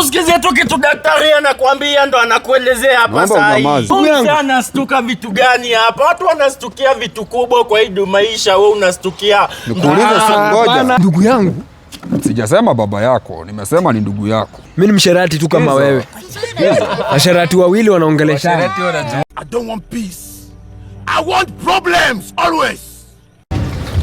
Usikizie tu kitu daktari anakuambia ndo anakuelezea hapa sasa. Anastuka vitu gani hapa? Watu wanastukia vitu kubwa kwa hii maisha, wewe unastukia. Nikuulize, ndugu yangu, sijasema baba yako, nimesema ni ndugu yako. Mimi ni msherati tu kama wewe. Washerati wawili wanaongeleshana. I don't want peace. I want problems always.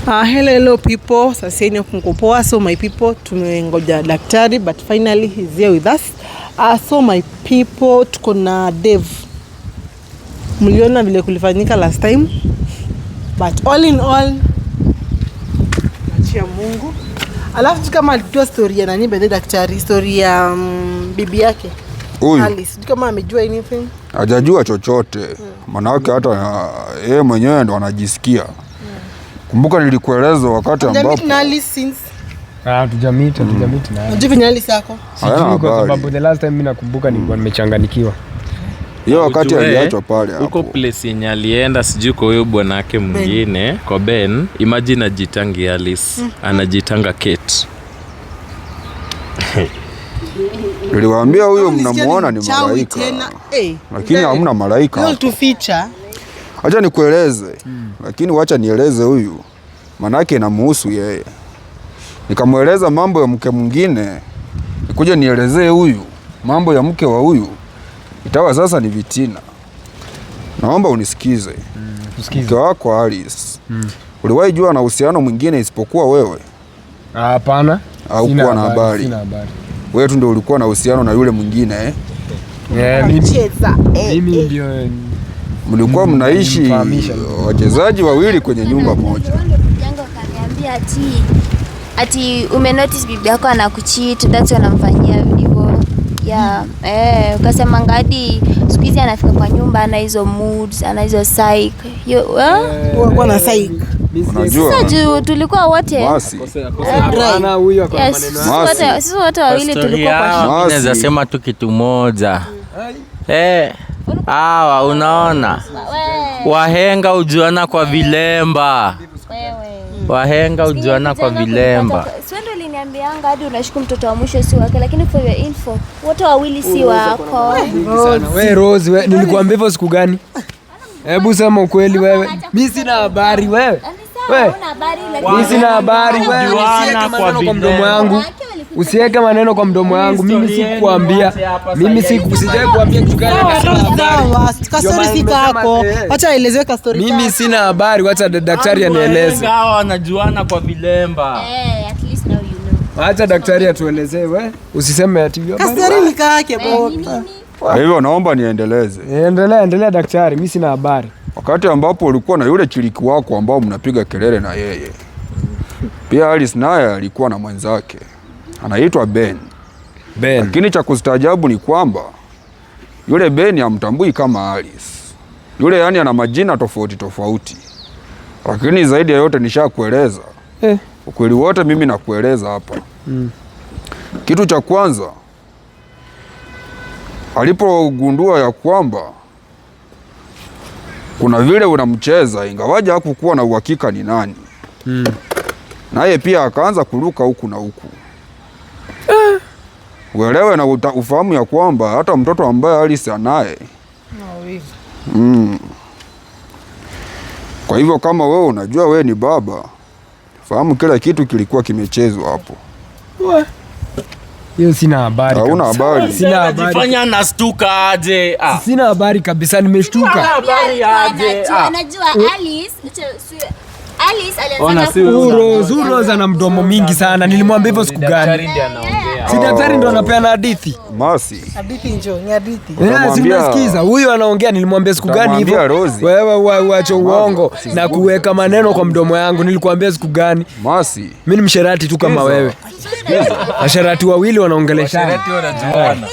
Uh, hello, hello people. Sasa ni kungo poa. So my people, tumengoja daktari but finally he's here with us. Uh, so my people, tuko na Dev. Mliona vile kulifanyika last time. But all in all, achia Mungu. Alafu kama alijua story ya nani bende daktari, story ya um, bibi yake. Huyu. Alice, kama amejua anything? Hajajua chochote. Hmm. Manawake hata yeye eh, mwenyewe ndo anajisikia Kumbuka nilikueleza wakati ambapo ah, kwa sababu the last time ni nimechanganikiwa hiyo wakati aliachwa pale huko place yenye alienda, sijui kwa huyo bwanake mwingine kwa Ben. Imagine ajitangi Alice mm Anajitanga Kate niliwaambia huyo mnamuona ni malaika, eh, lakini hamna malaika Acha nikueleze mm. Lakini wacha nieleze huyu, manake inamuhusu yeye. Nikamweleza mambo ya mke mwingine, nikuja nielezee huyu mambo ya mke wa huyu, itawa sasa ni vitina. Naomba unisikize mm. Usikize. Mke wako Alice mm. uliwahi jua na uhusiano mwingine isipokuwa wewe? Hapana. Au kuwa na habari? habari. Wewe tu ndio ulikuwa na uhusiano na yule mwingine eh? Yeah, mimi eh, eh. ndio eh, mlikuwa mm, mnaishi wachezaji wawili kwenye nyumba moja. Kaniambia ati ati ume notice bibi yako anakuchit, that's why anamfanyia hivyo ya Eh, ukasema ngadi siku hizi anafika kwa nyumba ana hizo moods, ana hizo psych. kwa eh? eh, na psych. Unajua juu tulikuwa wote sisi wote wawili tulikuwa kwa. Naweza sema tu kitu moja eh Hawa unaona? Wahenga ujuana kwa vilemba. Wahenga ujuana kwa vilemba. Swendo aliniambianga hadi unashika mtoto wa mwisho si wake, lakini for your info, wote wawili si wako. Wewe Rose, wewe nilikuambia hivyo siku gani? Hebu sema ukweli wewe. Mimi sina habari wewe. Mimi yaani sina habari wewe. Kwa mdomo wangu. Usiweke maneno kwa mdomo yangu. Mimi sikuambia, mimi sikusijae kuambia kitu gani. Kastori si kako, acha aelezwe kastori. Mimi sina habari, wacha daktari anieleze. Hao wanajuana kwa vilemba. Eh, at least now you know. Acha daktari atuelezee wewe. Usiseme ati hiyo. Kastori eh, ni kake bwana. Kwa hivyo naomba niendeleze. Endelea, endelea daktari, mimi sina habari. Wakati ambapo ulikuwa na yule chiliki wako ambao mnapiga kelele na yeye. Pia Alice naye alikuwa na mwenzake anaitwa Ben. Ben. Lakini cha kustaajabu ni kwamba yule Ben amtambui kama Alice. Yule yani ana majina tofauti tofauti, lakini zaidi ya yote nishakueleza eh, ukweli wote mimi nakueleza hapa mm. Kitu cha kwanza alipogundua ya kwamba kuna vile unamcheza, ingawaje hakukuwa na uhakika ni nani mm. Naye pia akaanza kuruka huku na huku uelewe na uta, ufahamu ya kwamba hata mtoto ambaye alisi anaye mm. Kwa hivyo kama wewe unajua wewe ni baba, fahamu kila kitu kilikuwa kimechezwa hapo. Hiyo sina habari. Hauna habari. Sina habari. Fanya nastuka aje. Ah. Sina habari kabisa nimeshtuka. Sina habari aje. Anajua ah. Alice. Alice alianza zuro za na mdomo mingi sana. Nilimwambia hivyo siku gani? Daktari ndiye anaongea. Si daktari ndo oh. anapeana hadithi. Masi. Hadithi njo, ni hadithi. Eh, si unasikiza huyu anaongea, nilimwambia siku gani hivyo? Wewe uache uongo na kuweka maneno kwa mdomo yangu, nilikuambia siku gani? Masi. Mimi ni msherati tu kama wewe. Masherati wawili wanajuana.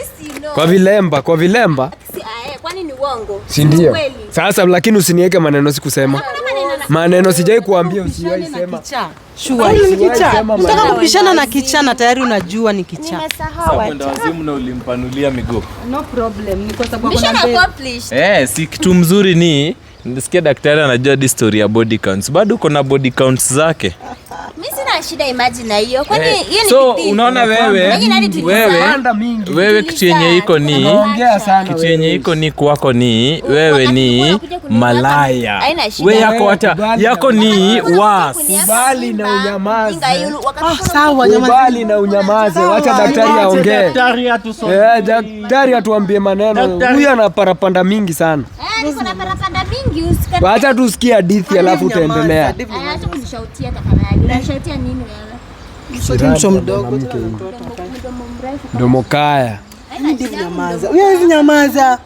Kwa vilemba, kwa vilemba. Eh, kwani ni uongo? Si ndio? Sasa lakini usiniweke maneno sikusema maneno sijai kuambia usiwahi sema. Nataka yaani kupishana na na tayari unajua ni kichana. Ulimpanulia miguu. No problem. Ni kwa sababu mission accomplished. eh, si kitu mzuri ni nisikia daktari anajua story ya body counts. Bado kuna body counts zake Eh, so unaona wewe wewe wewe kitu yenye iko ni kitu yenye iko ni kwako ni wewe ni malaya. Wewe yako hata yako ni Kubali na unyamaze. Ah, sawa, kubali na unyamaze. Acha daktari aongee. Eh, daktari atuambie maneno. Huyu ana parapanda mingi sana. Wacha tusikie hadithi alafu utaendelea. hizi nyamaza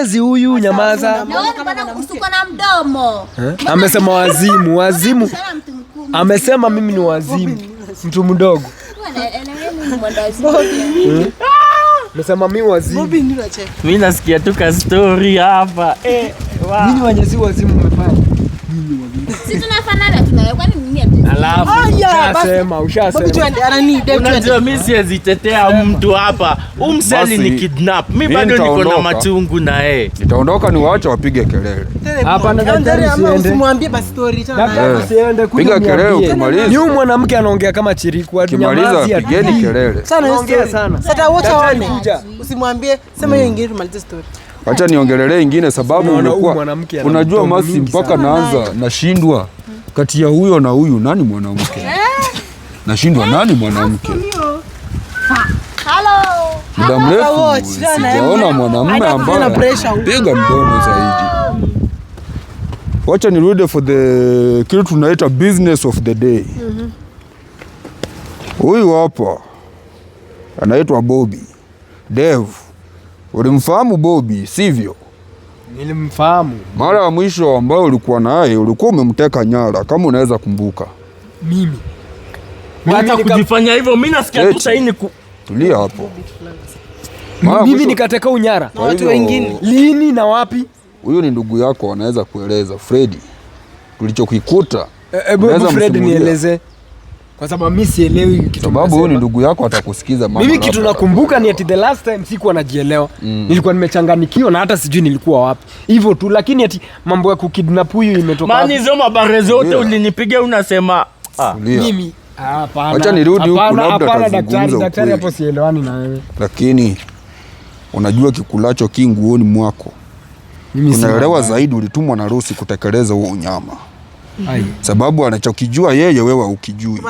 ezi huyu nyamaza, amesema wazimu, wazimu amesema mimi ni wazimu, mtu mdogo Mesema mi wazimu. Mimi nasikia tu ka story hapa. Eh, wow. Mimi ni wazimu. Unajua mimi mtu hapa. Umseli ni kidnap. Mimi bado niko na machungu na yeye. Nitaondoka ni wapige kelele. Piga kelele ukimaliza. mwanamke anaongea kama chiriku. pigeni kelele. Sana Sasa wote waone. Usimwambie, sema hiyo hmm. ingine tumalize story. Acha niongelele ingine sababu umekuwa unajua masi mpaka naanza nashindwa kati ya huyo na huyu nani mwanamke? Eh? Nashindwa eh? nani mwanamke? Muda mrefu sijaona mwanamume ambaye anapiga mdomo zaidi. Wacha nirudi for the kitu tunaita business of the day. Mm-hmm. Huyu hapa anaitwa Bobby Dev Ulimfahamu bobi sivyo? Nilimfahamu. Mara ya mwisho ambayo ulikuwa naye ulikuwa umemteka nyara, kama unaweza kumbuka. Mimi hata kujifanya hivyo, mimi nasikia tu saini ku... tulia hapo. Mimi nikateka unyara na watu wengine, lini na wapi? Huyu ni ndugu yako, anaweza kueleza Fredi tulichokikuta. Hebu eh, eh, Fredi nieleze kwa sababu mimi sielewi kitu, sababu huyu ni ndugu yako, atakusikiza mama. Mimi kitu nakumbuka ni at the last time sikuwa najielewa mm. Nilikuwa nimechanganikiwa na hata sijui nilikuwa wapi hivyo tu, lakini ati mambo ya kukidnap huyu imetoka Mani, hizo mabare zote ulinipiga unasema ah. Mimi hapana, acha nirudi huko, labda tutazungumza. Daktari, hapo sielewani na wewe, lakini unajua kikulacho kinguoni mwako, unaelewa zaidi. Ulitumwa na Rusi kutekeleza huo unyama Mm-hmm. Sababu anachokijua yeye wewe ukijui.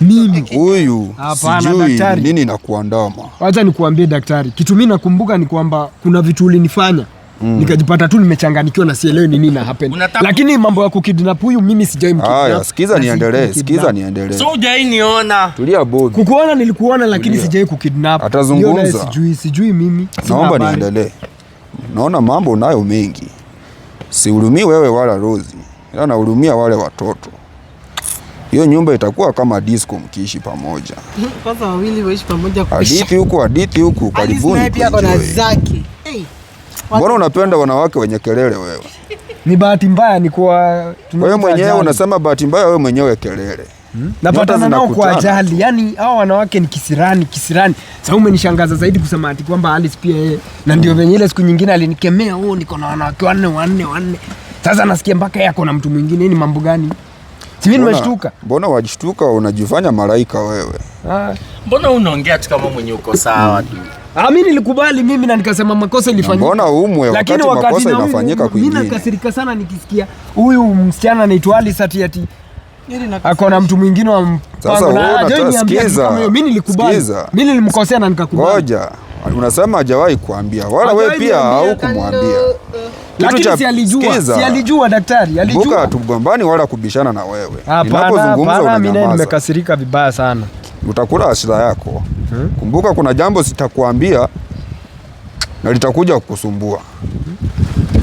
Mimi huyu sijui nini nakuandama. Wacha nikuambie daktari, kitu mimi nakumbuka ni kwamba kuna vitu ulinifanya Mm. Nikajipata tu nimechanganikiwa na sielewi ni nini happen. Lakini mambo ya kukidnap huyu mimi sijai mkidnap. Haya, sikiza niendelee, sikiza niendelee. So hujai niona. Tulia bodi. Kukuona nilikuona lakini sijai kukidnap. Atazungumza. Sijui, sijui mimi. Naomba niendelee. Naona mambo nayo mengi sihurumii wewe wala Rozi, ila nahurumia wale watoto. Hiyo nyumba itakuwa kama disco mkiishi pamoja. Kwanza wawili waishi pamoja kuisha. Hadithi huku hadithi huku, karibuni. Mbona unapenda wanawake wenye kelele wewe? Ni bahati mbaya ni kwa wewe mwenyewe unasema bahati mbaya wewe mwenyewe kelele Napatana nao kwa ajali. Yaani hao wanawake ni kisirani, kisirani. Sasa umenishangaza zaidi kusema ati kwamba Alice pia yeye na ndio mm. venye ile siku nyingine alinikemea, "Oh, niko na wanawake wanne wanne wanne." Sasa nasikia mpaka yeye na mtu mwingine, ni mambo gani? Si nimeshtuka. Mbona wajishtuka unajifanya malaika wewe? Ah. Mbona unaongea tu kama mwenye uko sawa tu? Ah, nilikubali mimi na nikasema makosa ilifanyika. Mbona umwe wakati makosa inafanyika kwingine? nakasirika sana nikisikia huyu msichana anaitwa Alice Yaani akona mtu mwingine wa mimi nilimkosea na nikakubali. Unasema hajawahi kuambia wala wewe pia au kumwambia si alijua, si alijua daktari, alijua. tugombani wala kubishana na wewe. Ninapozungumza unanyamaza. Nimekasirika vibaya sana. Utakula hasira yako. Hmm? Kumbuka kuna jambo sitakuambia na litakuja kukusumbua.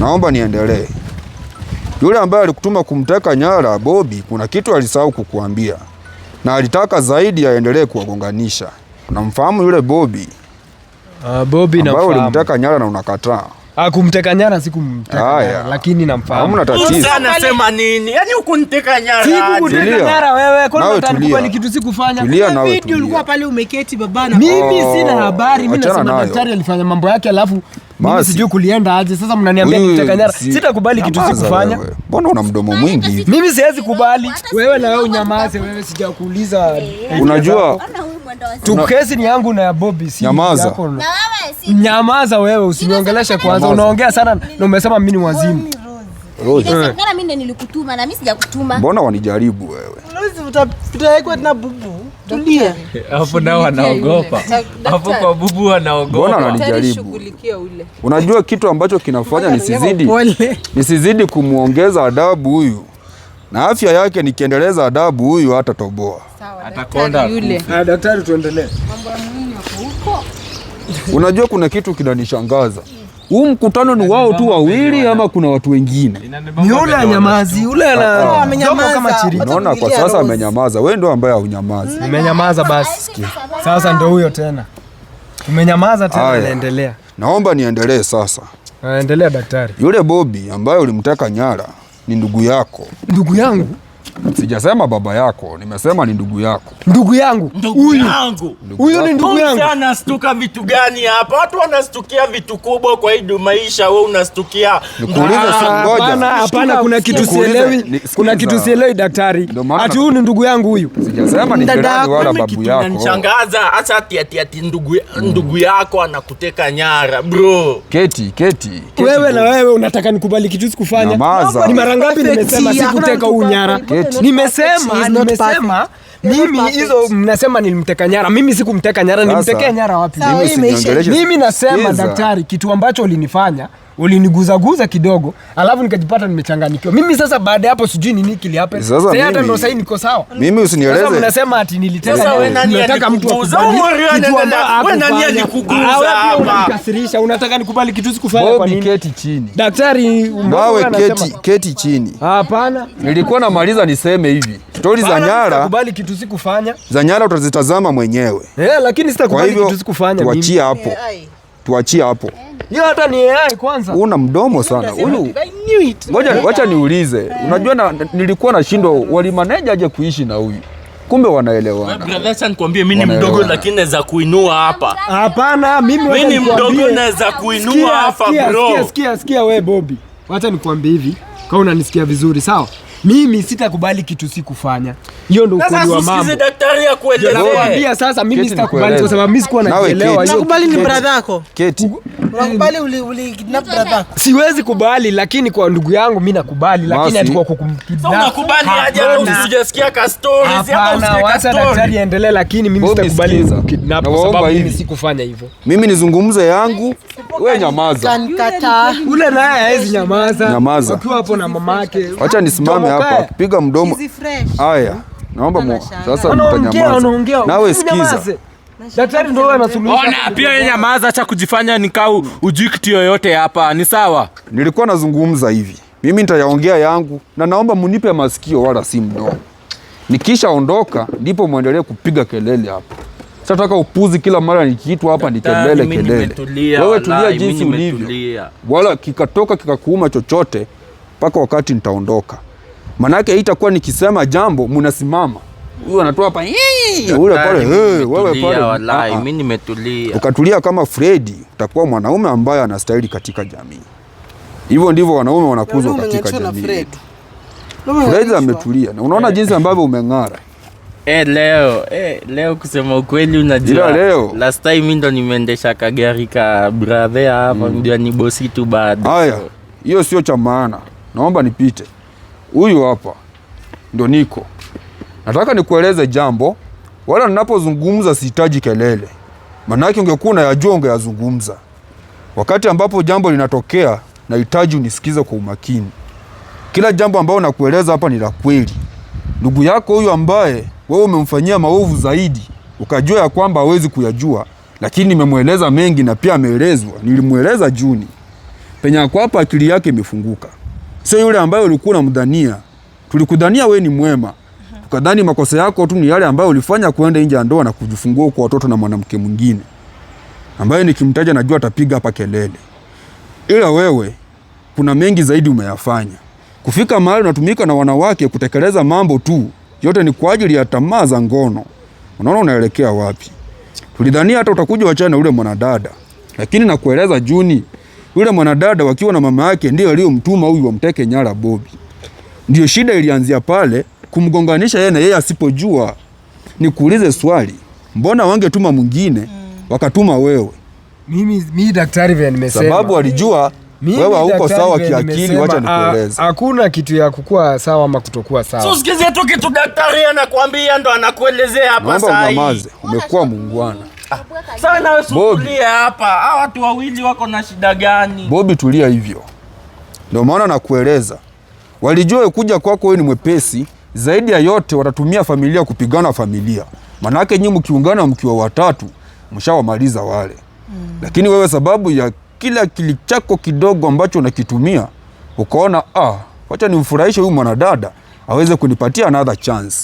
Naomba niendelee. Yule ambaye alikutuma kumteka nyara Bobi, kuna kitu alisahau kukuambia, na alitaka zaidi aendelee kuwagonganisha. Unamfahamu yule Bobi? Uh, Bobi namfahamu, ulimteka nyara na unakataa Ah, kumteka nyara sikumteka nyara, lakini namfahamu. Hamna tatizo. Sasa anasema nini? Yaani hukuniteka nyara. Sikukuteka nyara wewe, kwa nini ni kitu sikufanya? Tulia yaani na wewe. Video ulikuwa pale umeketi baba na mimi sina oh, habari, mimi nasema daktari alifanya mambo yake alafu mimi sijui kulienda aje. Sasa mnaniambia kuteka nyara, sitakubali kitu sikufanya. Mbona una mdomo mwingi? Mimi siwezi kubali. Wewe na wewe unyamaze, wewe sijakuuliza. Eh, eh, eh. Unajua tukesi ni yangu na ya Bobby, si nyamaza. Yako. Nyamaza wewe, usiniongeleshe kwanza. Unaongea sana na umesema mimi ni wazimu. Mbona wanijaribu wewe? Tulia. Hapo nao wanaogopa. Hapo kwa bubu wanaogopa. Mbona wananijaribu? Unajua kitu ambacho kinafanya nisizidi nisizidi kumwongeza adabu huyu na afya yake, nikiendeleza adabu huyu hata toboa atakonda. Daktari, ah, tuendelee. Unajua kuna kitu kinanishangaza huu mkutano ni wao tu wawili ama kuna watu wengine? Ni yule anyamazi, yule ah, ah. amenyamaza kama chiri. Naona kwa sasa amenyamaza. Wewe ndio ambaye hunyamazi. Nimenyamaza basi. Sasa ndio huyo tena. Umenyamaza tena anaendelea. Naomba niendelee sasa. Endelea daktari. Yule Bobi ambaye ulimtaka nyara ni ndugu yako. Ndugu yangu? Sijasema baba yako, nimesema ni ndugu yako. Ndugu yangu huyu ni ndugu yangu. Anastuka vitu gani hapa? Watu wanastukia vitu kubwa kwa hii maisha, wewe unastukia. Hapana, kuna kitu sielewi, kuna kitu sielewi daktari. Ati huyu ni ndugu yangu huyu? Sijasema ni jirani wala babu yako. Unashangaza hasa ati ati ati ndugu ndugu yako anakuteka nyara, bro. Keti, keti. Wewe na wewe unataka nikubali kitu sikufanya? Ni mara ngapi nimesema sikuteka huyu nyara? Nimesema, ah, nimesema mimi hizo mnasema nilimteka nyara. Mimi sikumteka nyara, nilimtekea nyara wapi? Mimi nasema daktari, kitu ambacho ulinifanya uliniguzaguza kidogo, alafu nikajipata nimechanganyikiwa mimi. Sasa baada ya hapo sijui nini kilihappen. Sasa hata ndo niko sawa mimi, usinieleze ati nilitesa. Ah, unataka nikubali kitu sikufanya? Kwa nini keti chini daktari? Wewe keti keti chini. Hapana, nilikuwa namaliza niseme hivi stori za Nyara, kitu sikufanya. Za Nyara utazitazama mwenyewe eh, lakini sitakubali kitu sikufanya mimi, tuachie hapo tuachie hapo. Yeye hata ni AI kwanza. Una mdomo sana. Huyu. Ngoja wacha niulize. Unajua na, nilikuwa na shindo wali walimaneja aje kuishi na huyu. Kumbe wanaelewana. Brother, acha nikwambie mimi ni mdogo lakini naweza kuinua hapa. Hapana, mimi mimi ni mdogo naweza kuinua hapa bro. Sikia sikia sikia wewe Bobby. Wacha nikwambie hivi. Kama unanisikia vizuri, sawa? Mimi sitakubali kitu sikufanya. Hiyo ndio ukweli wa mambo. Sasa daktari akueleze. Nakwambia sasa mimi sitakubali kwa sababu mimi sikuwa naelewa hiyo. Nakubali ni brother yako. Keti. Nakubali uli uli na brother yako. Siwezi kubali lakini kwa ndugu yangu mimi nakubali lakini ati kwa kukumkidnap. Sasa unakubali aje na usijasikia ka stories hapa usijasikia ka stories. Hapana, daktari endelee lakini mimi sitakubali kidnap kwa sababu mimi sikufanya hivyo. Mimi nizungumze yangu. Wewe nyamaza. Ule naye hawezi nyamaza. Nyamaza. Ukiwa hapo na mamake. Acha nisimame hapa akipiga mdomo haya, naomba sasa mtanyamaza. Nawe sikiza daktari ndio anasuluhisha. Ona pia yeye nyamaza, acha kujifanya ujui kitu yoyote hapa, ni sawa. Nilikuwa nazungumza hivi, mimi nitayaongea yangu na naomba munipe masikio wala si mdomo. Nikishaondoka ndipo mwendelee kupiga kelele hapa. Sataka upuzi kila mara nikiitwa hapa ni kelele kelele. Wewe tulia jinsi ulivyo, wala kikatoka kikakuuma chochote mpaka wakati nitaondoka. Manake itakuwa nikisema jambo mnasimama, huyu anatoa hapa ule pale, wewe pale, ah, ah. mimi nimetulia. Ukatulia kama Fredi, utakuwa mwanaume ambaye anastahili katika jamii. Hivyo ndivyo wanaume wanakuzwa katika jamii. Fredi ametulia na unaona eh. jinsi ambavyo umeng'ara. Eh, leo eh, leo kusema ukweli, unajua leo last time mimi ndo nimeendesha kagari ka brother hapa, mm. ndio ni bosi tu bado. Haya, hiyo sio cha maana, naomba nipite. Huyu hapa ndo niko nataka nikueleze jambo, wala ninapozungumza sihitaji kelele, maanake ungekuwa unayajua ungeyazungumza. Wakati ambapo jambo linatokea, nahitaji unisikize kwa umakini. Kila jambo ambayo nakueleza hapa ni la kweli. Ndugu yako huyu ambaye wewe umemfanyia maovu zaidi, ukajua ya kwamba hawezi kuyajua, lakini nimemweleza mengi na pia ameelezwa. Nilimweleza Juni penye ako hapa, akili yake imefunguka sio yule ambaye ulikuwa unamdhania. Tulikudhania we ni mwema, tukadhani makosa yako tu ni yale ambayo ulifanya kuenda nje ya ndoa na kujifungua kwa watoto na mwanamke mwingine ambaye nikimtaja najua atapiga hapa kelele, ila wewe kuna mengi zaidi umeyafanya, kufika mahali unatumika na wanawake kutekeleza mambo tu, yote ni kwa ajili ya tamaa za ngono. Unaona unaelekea wapi? Tulidhania hata utakuja wachana na ule mwanadada, lakini nakueleza Juni yule mwanadada wakiwa na mama yake ndio aliyomtuma huyu amteke nyara Bobi. Ndio shida ilianzia pale kumgonganisha yeye na yeye asipojua. Nikuulize swali, mbona wangetuma mwingine mm. wakatuma wewe? Mimi mimi daktari vya nimesema, sababu alijua wewe hauko sawa kiakili. Wacha ah, nikueleze, hakuna kitu ya kukua sawa ama kutokuwa sawa. Usikizie tu kitu daktari anakuambia ndo anakuelezea hapa. Sasa umekuwa muungwana Ah. Sawa nawe sukulia hapa, hawa watu wawili wako na shida gani? Bobi, tulia hivyo, ndio maana nakueleza. Walijua kuja kwako wewe ni mwepesi, zaidi ya yote watatumia familia kupigana familia, manake nyinyi mkiungana mkiwa watatu mshawamaliza wale mm. Lakini wewe sababu ya kila kilichako kidogo ambacho unakitumia ukaona, ah, wacha nimfurahishe huyu mwanadada aweze kunipatia another chance,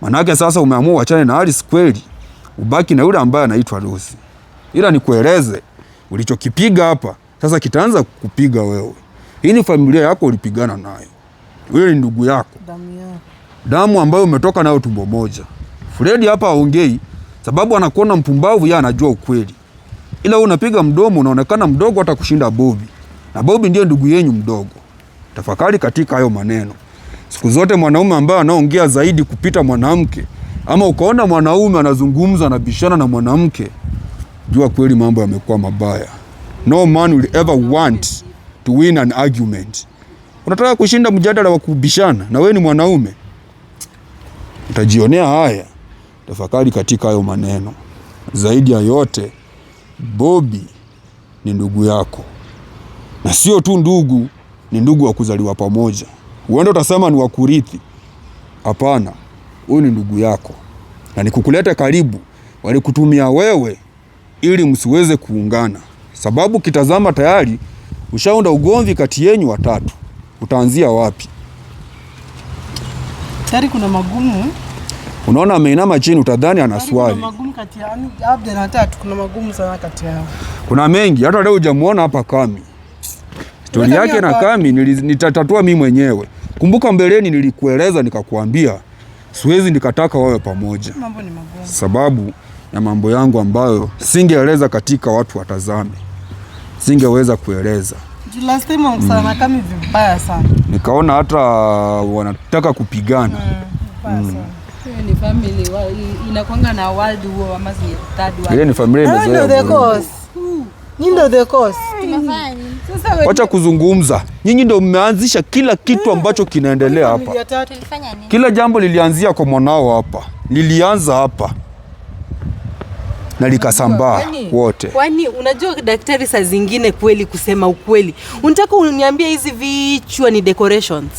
manake sasa umeamua uachane na Alice kweli ubaki na yule ambaye anaitwa Ruth. Ila nikueleze ulichokipiga hapa sasa kitaanza kupiga wewe. Hii ni familia yako ulipigana nayo, wewe ni ndugu yako, damu yako, damu ambayo umetoka nayo tumbo moja. Fredi hapa aongei sababu anakuona mpumbavu, yeye anajua ukweli, ila wewe unapiga mdomo, unaonekana mdogo hata kushinda Bobby. na Bobby ndiye ndugu yenu mdogo. Tafakari katika hayo maneno. Siku zote mwanaume ambaye anaongea zaidi kupita mwanamke ama ukaona mwanaume anazungumza anabishana na mwanamke, jua kweli mambo yamekuwa mabaya. No man will ever want to win an argument. Unataka kushinda mjadala wa kubishana, na wewe ni mwanaume, utajionea haya. Tafakari katika hayo maneno. Zaidi ya yote, Bobi ni ndugu yako, na sio tu ndugu, ni ndugu wa kuzaliwa pamoja. Uende utasema ni wakurithi. Hapana huyu ni ndugu yako, na nikukuleta karibu walikutumia wewe ili msiweze kuungana, sababu kitazama, tayari ushaunda ugomvi kati yenyu watatu. Utaanzia wapi? Tayari kuna magumu. Unaona, ameinama chini, utadhani ana swali. Kuna magumu kati ya na kati yao. Kuna mengi, hata leo hujamuona hapa Kami. Stori yake na Kami nitatatua mimi mwenyewe. Kumbuka mbeleni nilikueleza nikakuambia siwezi nikataka wawe pamoja, mambo ni magumu, sababu ya mambo yangu ambayo singeeleza katika watu watazame, singeweza kueleza mm. Nikaona hata wanataka kupigana eh, mm. Ile ni familia inakuanga na world war ama third world. Ile ni familia Wacha kuzungumza. Nyinyi ndio mmeanzisha kila kitu mm. ambacho kinaendelea hapa. Kila jambo lilianzia kwa mwanao hapa, lilianza hapa na likasambaa wote. Kwani unajua daktari, saa zingine kweli, kusema ukweli, unataka uniambie hizi vichwa ni decorations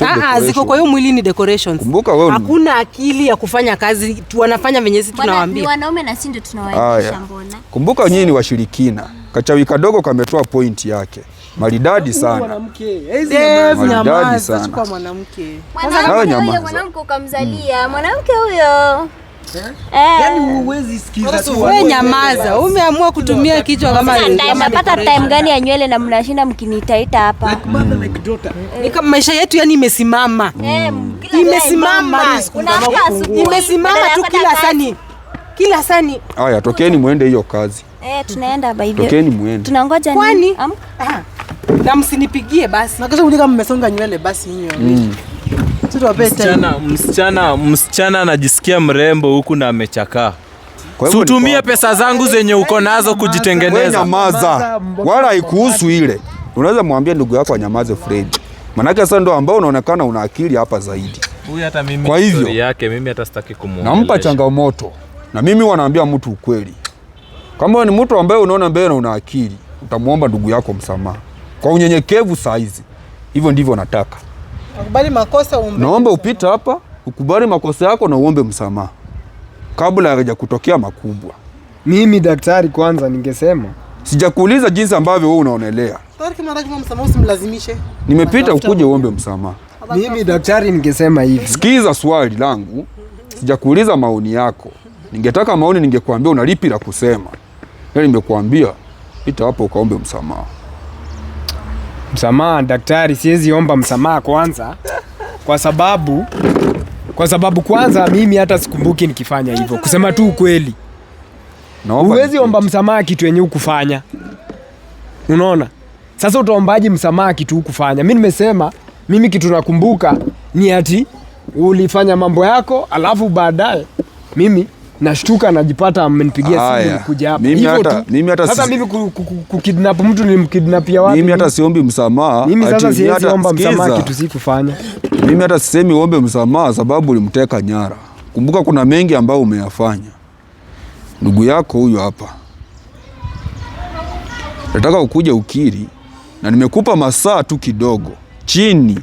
ah, ah, ziko kwa hiyo mwili ni decorations. Kumbuka wewe hakuna akili ya kufanya kazi, wanafanya venye sisi tunawaambia. Ni wanaume na sisi ndio tunawaelimisha mbona. Kumbuka nyinyi ni washirikina. Kachawi kadogo kametoa pointi yake. Maridadi sana. Maridadi sana. Mwanamke ukamzalia mwanamke huyo. Eh? Eh. Yaani Wewe nyamaza, umeamua kutumia kichwa kama napata time gani ya nywele na mnashinda mkinitaita hapa. Hmm. kama maisha yetu yani imesimama. Eh, hmm. Imesimama. Imesimama tu kila sani. Kila sani. Haya, tokeni muende hiyo kazi. Eh, tunaenda by the way. Tokeni muende. Tunangoja nini? Kwani? Ah. Na msinipigie basi. Na kesho kuja mmesonga nywele basi nyowe. Mm. Msichana, msichana, msichana anajisikia mrembo huku na amechakaa. Sutumie pesa zangu zenye uko nazo kujitengeneza. Nyamaza. Wala haikuhusu ile. Unaweza mwambia ndugu yako anyamaze Fred. Manake sasa ndo ambao unaonekana una akili hapa zaidi. Huyu hata mimi, kwa hivyo, yake mimi hata sitaki kumuona. Nampa changamoto. Na mimi wanaambia mtu ukweli. Kama ni mtu ambaye unaona mbele na una akili, utamwomba ndugu yako msamaha kwa unyenyekevu saizi. Hivyo ndivyo nataka, ukubali makosa, uombe. Naomba upite hapa ukubali makosa yako na uombe msamaha kabla haja kutokea makubwa. Mimi daktari, kwanza ningesema sijakuuliza jinsi ambavyo wewe unaonelea. Nimepita ukuje uombe msamaha. Mimi daktari, ningesema hivi, sikiza swali langu, sijakuuliza maoni yako. Ningetaka maoni, ningekuambia unalipi la kusema na yaani nimekuambia ita hapo ukaombe msamaha. Msamaha daktari, siwezi omba msamaha kwanza, kwa sababu kwa sababu kwanza mimi hata sikumbuki nikifanya hivyo, kusema tu ukweli. Huwezi omba msamaha kitu yenye ukufanya, unaona? Sasa utaombaji msamaha kitu ukufanya? Mi nimesema mimi kitu nakumbuka ni ati ulifanya mambo yako, alafu baadaye mimi nashtuka najipata amenipigia simu kuja hapa Mimi hata sasa mimi kukidnap mtu nilimkidnapia wapi? Mimi hata siombi msamaha. Mimi sasa siwezi omba msamaha kitu sikufanya. Mimi hata sisemi uombe msamaha sababu ulimteka nyara. Kumbuka kuna mengi ambayo umeyafanya. Ndugu yako huyo hapa, nataka ukuje ukiri, na nimekupa masaa tu kidogo, chini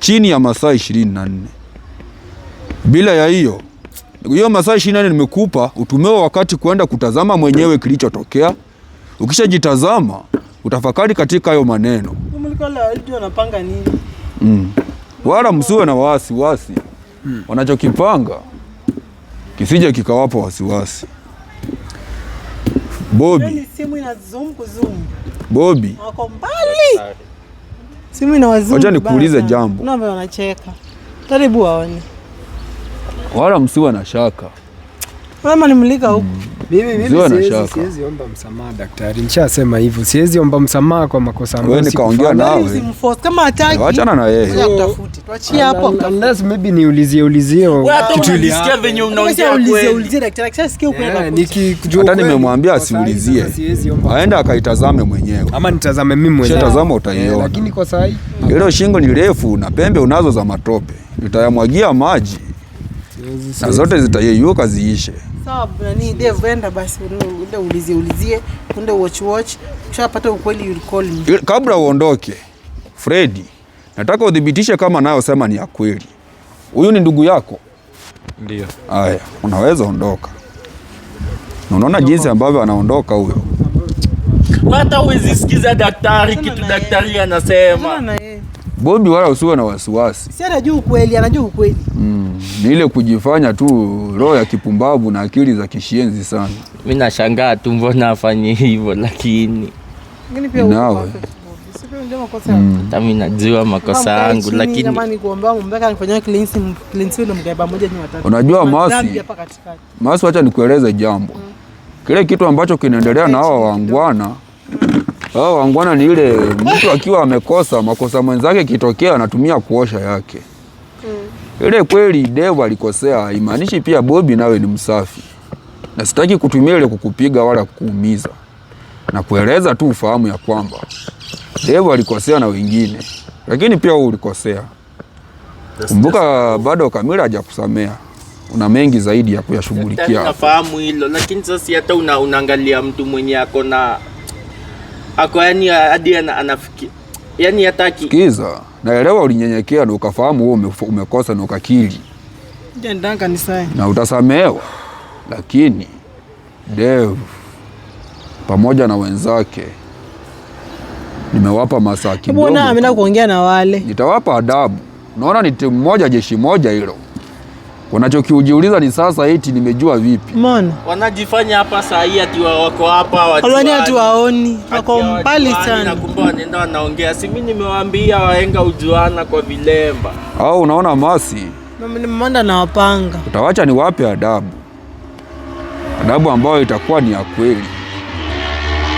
chini ya masaa ishirini na nne bila ya hiyo hiyo masaa ishirini na nane nimekupa utumiwa wakati kwenda kutazama mwenyewe kilichotokea. Ukishajitazama utafakari katika hayo maneno mm. Wala msiwe na wasiwasi Hmm. Wanachokipanga kisije kikawapa wasiwasi. Bobi, Bobi, nikuulize jambo. Karibu waone wala msiwe na shaka. Mama nimlika huko. Mm. Mimi mimi siwezi siwezi omba msamaha daktari. Nishasema hivyo. Siwezi omba msamaha kwa makosa yangu. Wewe nikaongea nawe. Usimforce kama hataki. Achana na yeye. Tutakutafute. Tuachie ah, hapo. Unless maybe niulizie ulizie kitu ulisikia venye unaongea kweli. ulizie ulizie daktari. Kisha sikia huko hapo. Eh, nikijua. Hata nimemwambia asiulizie. Aenda akaitazame mwenyewe. Ama nitazame mimi mwenyewe. Tazama utaiona. Eh, lakini kwa sasa sahi. Ile shingo ni refu na pembe unazo za matope. Nitayamwagia maji na zote zitayeyuka ziishe. Sawa, nani Dave, enda basi ende ulizie ulizie, ende watch watch, ukishapata ukweli you call me. Kabla uondoke Freddy, nataka udhibitishe kama sema ni ya kweli. Huyu ni ndugu yako? Ndio. Haya, unaweza ondoka. unaona jinsi ambavyo anaondoka huyo, hata uwezi sikiza daktari kitu daktari anasema. Bobi wala usiwe na wasiwasi. Si anajua ukweli, anajua ukweli. Mm, ni ile kujifanya tu roho ya kipumbavu na akili za kishienzi sana. Mimi nashangaa tu mbona afanye hivyo lakini. Nawe. Eh. Mm. Hata mimi najua makosa yangu lakini unajua Masi, Masi, wacha nikueleze jambo. Mm. Kile kitu ambacho kinaendelea na hawa wangwana Oh, wangwana ni yule mtu akiwa amekosa makosa mwenzake kitokea anatumia kuosha yake mm. Ile kweli Devo alikosea imaanishi pia Bobi nawe ni msafi, na sitaki kutumia ile kukupiga wala kukuumiza, na kueleza tu ufahamu ya kwamba Devo alikosea na wengine, lakini pia wewe ulikosea. Kumbuka bado Kamila hajakusamea una mengi zaidi ya kuyashughulikia. Yaani nafahamu hilo, lakini sasa hata unaangalia mtu mwenye akona ako yani hadi anafiki yani hataki. Sikiza, naelewa ulinyenyekea na ukafahamu wewe umekosa na ukakiri na utasamehewa, lakini Dev pamoja na wenzake nimewapa masaa kidogo, mimi na kuongea na wale nitawapa adabu. naona ni timu moja jeshi moja hilo. Wanachokiujiuliza ni sasa eti nimejua vipi? Mbona wanajifanya hapa saa hii ati wako hapa watu hatu waoni, wako mbali sana, kumbe wanaenda wanaongea. Si mimi nimewaambia waenga ujuana kwa vilemba. Au unaona masi manda na wapanga, utawacha ni wape adabu, adabu ambayo itakuwa ni ya kweli,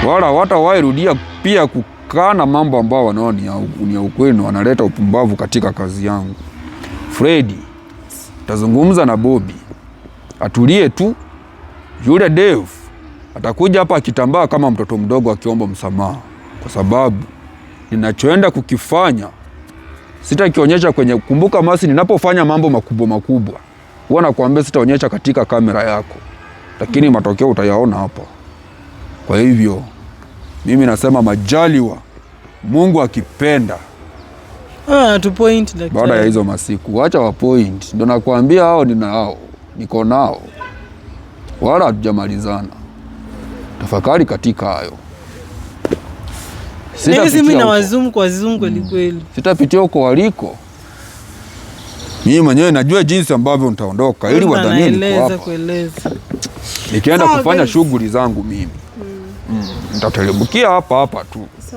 wala watawairudia pia kukana mambo ambayo wanaona ni ya ukweli na wanaleta upumbavu katika kazi yangu Fredi. Tazungumza na Bobi atulie tu. Yule Dave atakuja hapa akitambaa kama mtoto mdogo akiomba msamaha, kwa sababu ninachoenda kukifanya sitakionyesha kwenye. Kumbuka Masi, ninapofanya mambo makubwa makubwa huwa nakwambia sitaonyesha katika kamera yako, lakini matokeo utayaona hapa. Kwa hivyo mimi nasema majaliwa, Mungu akipenda Ah, tu point daktari. Baada ya hizo masiku wacha wa point, ndo nakwambia hao nina hao niko nao, wala hatujamalizana. Tafakari katika hayo. Mimi na wazungu kwa wazungu kweli mm. kweli, sitapitia huko waliko. Mimi mwenyewe najua jinsi ambavyo nitaondoka ili wadhanie niko hapa, nikienda kufanya shughuli zangu mimi nitateremkia mm. mm. hapa hapa tu So.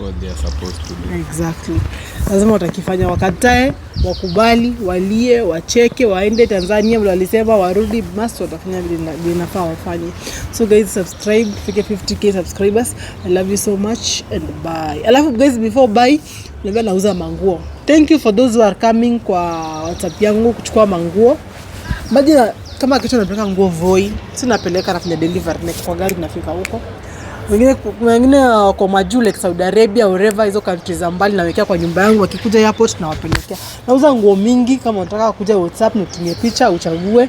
what they are supposed to do. Exactly. Lazima watakifanya, wakatae, wakubali, walie, wacheke, waende Tanzania vile walisema, warudi, basi watafanya vile inafaa wafanye. So guys, subscribe, fike 50k subscribers. I love you so much and bye. Alafu guys, before bye, labda nauza manguo. Thank you for those who are coming kwa WhatsApp yangu kuchukua manguo. Majina kama kitu napeleka nguo Voi, si napeleka na kufanya delivery na kwa gari nafika huko wengine wengine kwa majuu like Saudi Arabia au Reva, hizo countries za mbali, nawekea kwa nyumba yangu, wakikuja airport nawapelekea. Nauza nguo mingi, kama unataka kuja WhatsApp nitumie picha uchague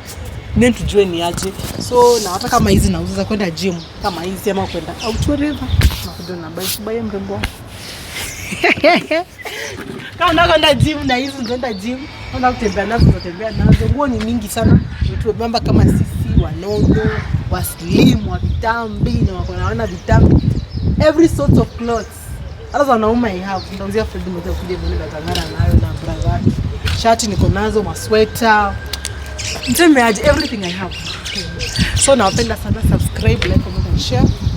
nini tujue ni aje. So na hata kama hizi nauza za kwenda gym kama hizi ama kwenda out wherever, nakuja na bike bye mrembo. Kama kwenda gym na hizi unaenda gym, unataka kutembea nazo, kutembea nazo. Nguo ni mingi sana, mtu mbamba kama sisi Wahindi, Wanono, Waslimu, wa vitambi na wako naona vitambi, every sort of clothes hata za wanaume I have ndio Fred mmoja kuja mimi natangana nayo na bra zake, shati niko nazo, masweta mtembea, everything I have. So nawapenda sana, subscribe, like, comment and share.